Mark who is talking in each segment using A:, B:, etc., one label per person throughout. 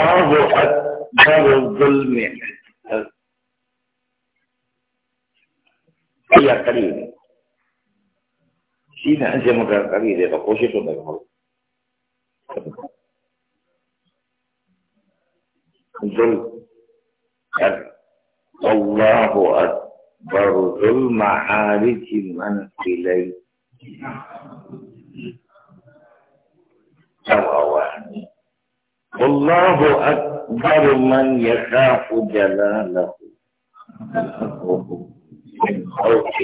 A: الله أكبر الظلم هي قريب سينا أنت مكان قريب إذا قوشت ولا ظلم الله أكبر ظلم عارج من إليه رواني والله أكبر من يخاف جلاله من خوفهم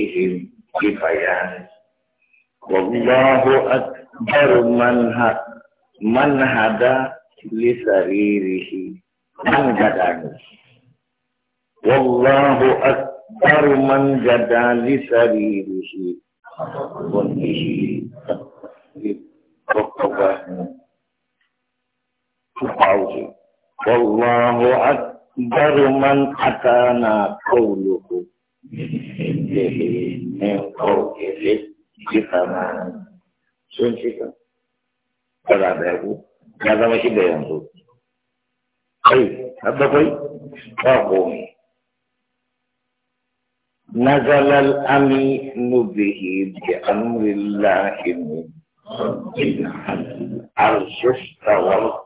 A: ببيانه والله أكبر من من هدى لسريره من جدانه والله أكبر من جدى لسريره وقبه فقعوه والله أكبر من أتانا قوله به من قوله للجفمان سنشك فلا بيقول هذا ماشي بيانزو أي هذا كوي فقومي نزل الأمين به بأمر الله من العرش استوى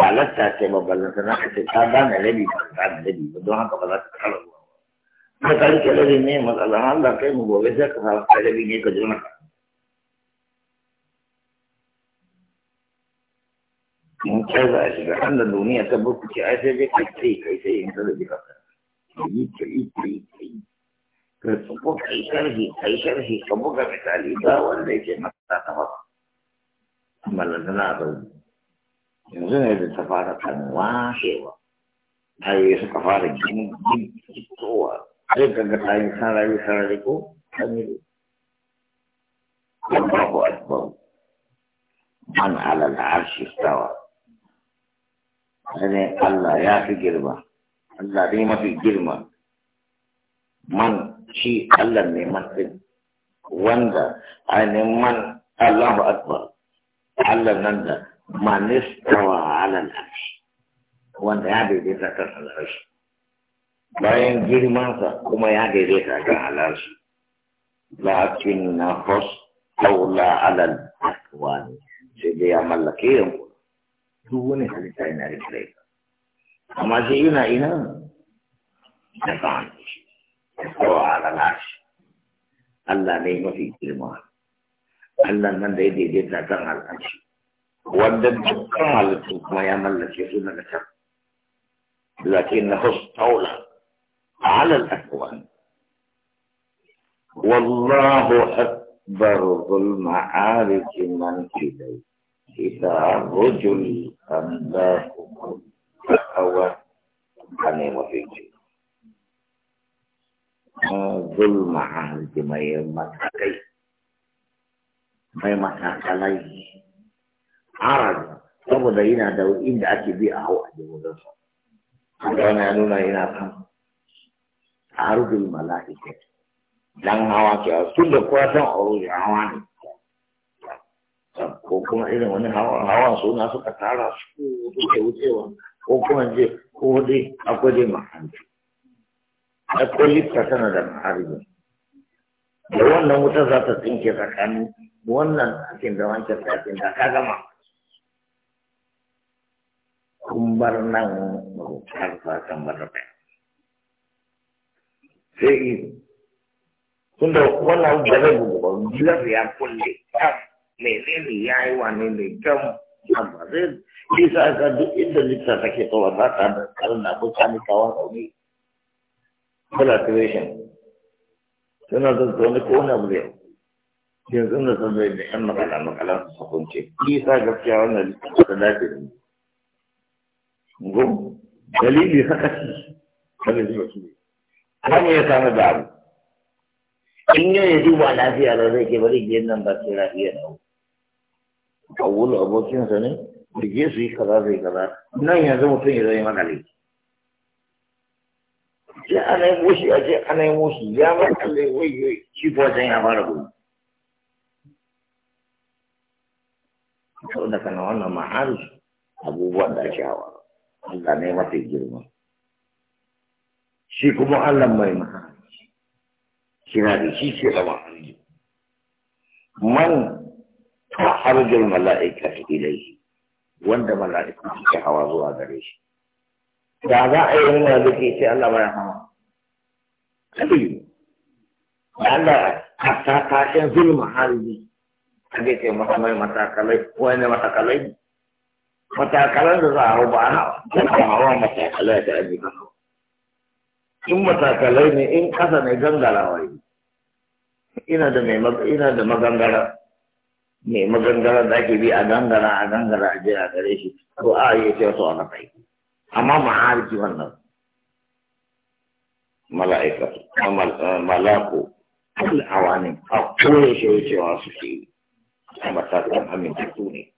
A: halatta ce babbalin sana ka ce ta gane rabi ba ta gane rabi ba don haka ba za ka kala ruwa ba ka rike rabi ne matsala har da kai mu gobe sai ka fara kai ne ka ji maka mun kai za a shiga an da duniya ta buku ce ai sai dai kai kai sai in ka rabi ka ka yi ka yi ka ka tsuko ka sharhi ka sharhi ka buga misali ba wanda yake masa ta masa malantana a rauni يعني زين هذه السفارة تنوع شوى هاي السفارة جين جين شوى هاي كذا هاي سارة هاي سارة ليكو هني الله أكبر من على العرش استوى هني الله يا في جرمة الله ريما في جرمة من شيء الله نعمة وندا هني من الله أكبر الله نندا من استوى على العرش هو انت يا دي دي تاتا على العرش باين جيري ماسا كما يا دي دي تاتا على العرش لكن نفس أولى على الأكوان سيدي يا ملكي إيه؟ دوني خليتاين عليك ليك أما سيئنا إنا نفعل استوى على العرش الله نعمة في كلمات الله من دي دي دي تاتا wanda dukkan halittu kuma ya mallake su على الأكوان
B: والله
A: أكبر ظلم عارف من كدي إذا رجل أملاك فأوى عن وفيك ظلم عارف ما يمتع ما يمتع عليه arad saboda yana da inda ake bi a hau a jimurin sa haka yana nuna yana kan arudul mala'ika dan hawa ke tun da kuwa san aruji hawa ne ko kuma irin wani hawa suna suka tara su suke wucewa ko kuma je ko dai akwai dai mahanci da kwalifta tana da maharibi da wannan wutar za ta tsinke tsakanin wannan tsakin da wancan tsakin da ka gama kumbar nan harfa kamar da sai yi tunda wannan ba zai bugu ba gilar ya kulle kam menene ya yi wane ne kam amma zai sa ga duk inda lita take tsawa ba ta da karna ko ta ni kawan aure collaboration suna da tsoni ko wani abu yau yanzu na san zai da yan makala sa su sakunce bisa gaskiya wannan ta da mu go dalili sakaci kada zai wasu kan ya samu da abu in yau ya duba lafiya da zai ke bari biyan nan ba sai lafiya da abu awulu abokinsa ne da je su yi kaza zai kaza nan yanzu mutum ya zai mana makale sai ana yi moshi a ce ana yi moshi ya makale wai wai shi ko can ya fara gudu sau da kana wannan ma'arus abubuwan da ake Allah ne mafi girma shi kuma Allah mai maha kina da shi ce da mahalli man ta harjul mala'ika ilai wanda mala'iku suke hawa zuwa gare shi da za a yi wani ke ce Allah baya hawa kalibu Allah a ta tashin zulma harbi a ce masa mai matakalai wani matakalai matakalan da za a hau ba a hawa matakalai da ake kan in matakalai ne in ƙasa ne gangarawa yi ina da mai ina da magangara mai magangara da ake bi a gangara a gangara a je a gare shi to a yi ce wasu a kai amma ma'ariki wannan mala'ika eh, malaku kul awani a koyaushe wucewa suke a matakan amintattu ne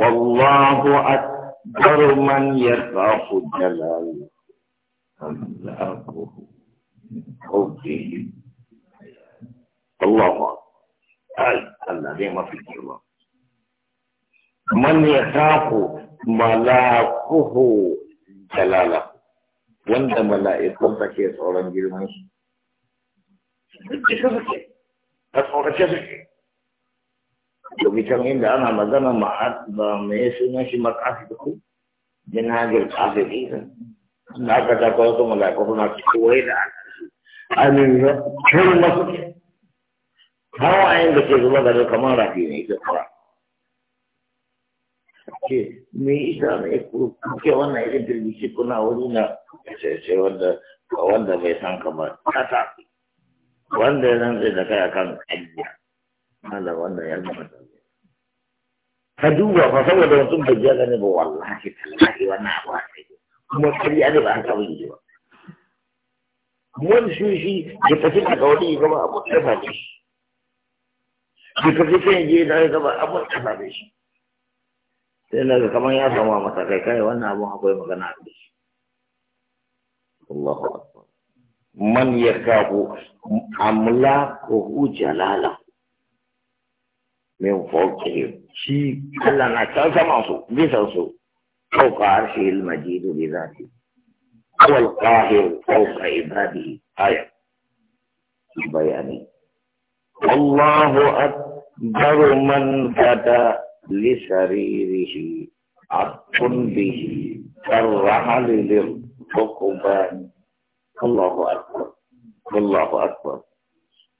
B: والله أكبر
A: من يخاف جلاله أملاكه خوفه الله أكبر الذي ما في الله من يخاف ملاكه جلاله wanda mala'ikun ta ke tsoron girman shi. Duk da suke, a tsorace suke. domin can inda ana magana ma'ad ba mai sunan shi makafiku min hajjar kafiri da aka ta kawo su malaka kuma kowai da aka amin ya kai masu ke
B: hawayen da ke
A: zuba da kamar rafi ne ita fara. ce me isa ne kuke wannan irin birbici kuna na ce wanda wanda bai san kamar kasa wanda ya zan da kai akan ajiya. هذا وانا يا فدوه فصوى دون ثم بجاغ نبو والله حكي تلاحي وانا واحد هم الحبي أنا بقى قوي جوا مون شو شي يتفين قولي كما أبو تفاديش يتفين جيدا كما أبو تفاديش تينا كما يأسوا ما متكيكا وانا أبو حقوي مغنى عبديش الله أكبر من يكاب أملاكه جلاله min fawqihim shi Allah na can sama su bisan su fawqa arshil majid bi zati wal qahir fawqa ibadihi aya bayani Allahu akbar man fada li saririhi abdun bihi karrahal lil hukuban Allahu akbar Allahu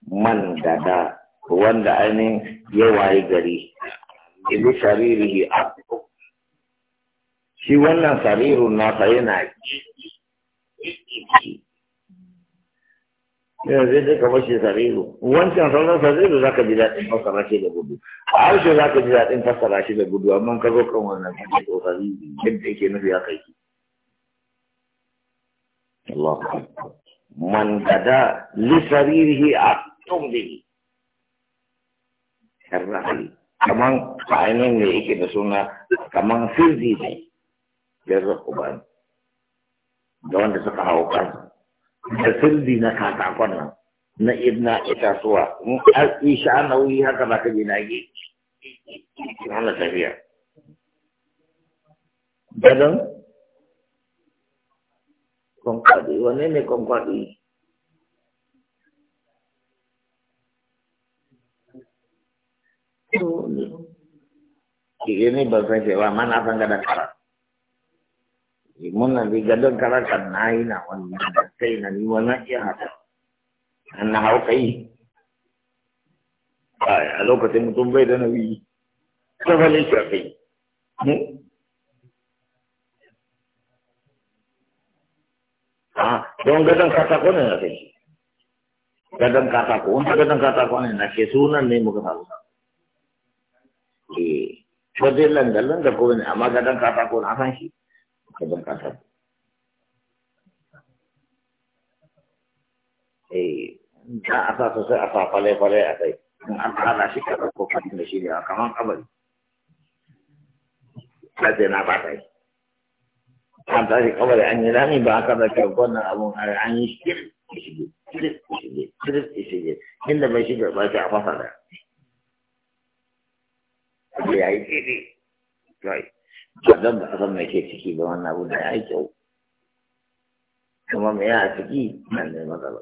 A: man dada wanda ainihin ya waye gari ibi saririhi a shi wannan sarirun nasa yana yana zai dai kamar shi sariru wancan sauran sariru za ka ji daɗin fassara shi da gudu a harshe za ka ji daɗin fassara shi da gudu amma ka zo kan wannan kuma ko sariru yadda yake nufi ya kai Allah man gada li saririhi a tumbihi sharrafi kaman ainihin ne yake da suna kaman firzi ne yarra kuban da wanda suka hau da firzi na katakon nan na ibna itatuwa in an nauyi haka ba ka je na yi hana tafiya gadon kwankwaɗi ne ini bahasa apa karat. Imun gadon karat kan wan hau kai. Ay, alo kate da nabi. kai. Ah, don gadon na kai. Gadon gadon na eh ko dai langalan da ko ne amma kata katako na san shi gadon katako eh za a sosai a fale-fale a kai an hana shi ka ɗauko fatin da shi ne a kaman kabari kaje na ba ta yi an kabari an yi rami ba ka da ke wannan abun an yi shirif shige shirif shige shirif inda bai shige ba shi a fasa ya yi tsiri kai don ba san mai ke ciki ba wannan abu da ya yi kyau kuma mai a ciki nan ne matsala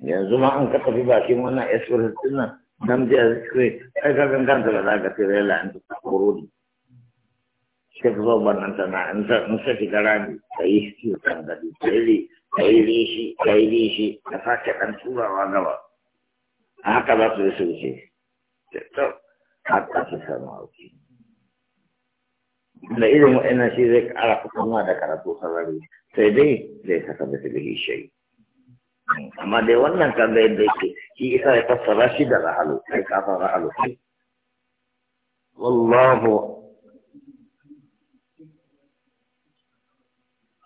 A: yanzu ma an ka tafi bakin wannan esfirin din nan dan jiya kai ai ka kan kanta da zaka tare la an ta korodi ne ka zo ban nan ta na an ta in sai ka rani kai shi kan da tsiri kai rishi kai rishi ka sake dan turawa gaba haka za su yi su hatta su samu auki da irin wa'annan shi zai ƙara kusurwa da karatu sarari sai dai zai saka da tilihi shai amma dai wannan kan da isa ya fassara shi da rahalu sai kafa rahalu wallahu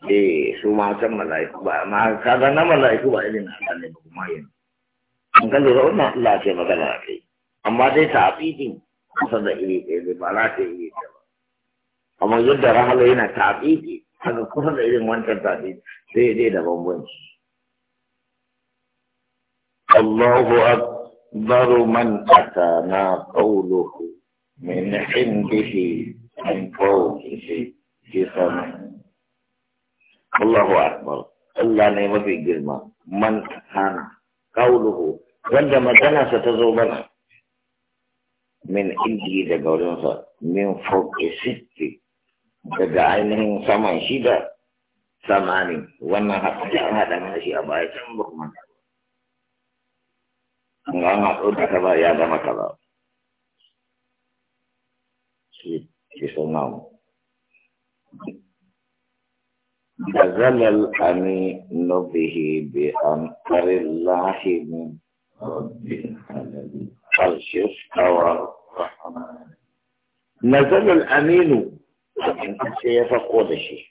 A: eh su mala'iku ba ma kaga mala'iku ba irin na ne ba kuma yin an kan lura magana a amma dai ta afitin kusa da iri ɗaya zai ba za ta iri ɗaya ba amma yadda rahala yana ta afiti haka kusa da irin wancan ta afiti sai dai da bambanci Allahu akbar man atana qawluhu min indihi min fawqihi fi sama Allahu akbar Allah ne mafi girma man atana qawluhu wanda maganarsa ta zo mana min indi daga wurinsa min fauke sitti daga ainihin saman shida samanin wannan haɗa an haɗa mana shi a baya can ba kuma an ga ana ɗauka kaza ya zama kaza shi ke suna mu نزل الأمين به بأمر الله من رب العالمين العرش استوى الرحمن نزل الأمين da شيء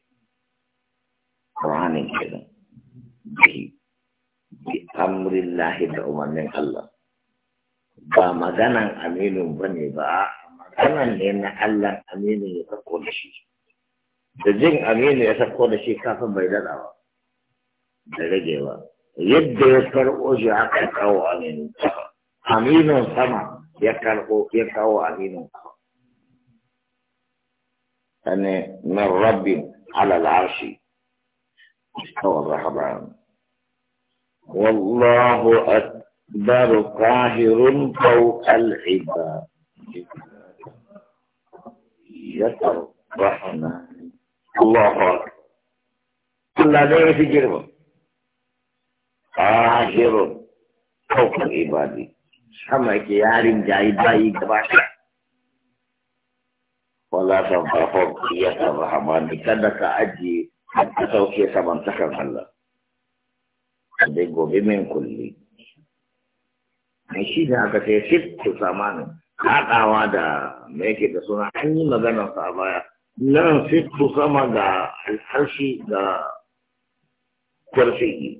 A: قرآن كده به بأمر الله دوما من الله ba maganan aminu ba ne ba maganan ne na Allah aminu ya sako da shi da jin aminu ya sako da shi kafin bai dadawa da yadda ya karɓo shi aka kawo aminu aminu sama ya karɓo ya kawo aminin ne min rabbin alal arshi الرحمن والله أكبر قاهر فوق العباد يتر رحمة الله أكبر كل ذلك في جربه قاهر فوق العباد sama yake yarin jayi bayi gaba ɗaya wala san farfar iya rahmani kada ka ajiye ka sauke takan Allah dai gobe min kulli mai shi ne aka ce sittu samanin haɗawa da me yake da suna an yi maganar sa baya nan fitu sama ga alharshi da kwarfi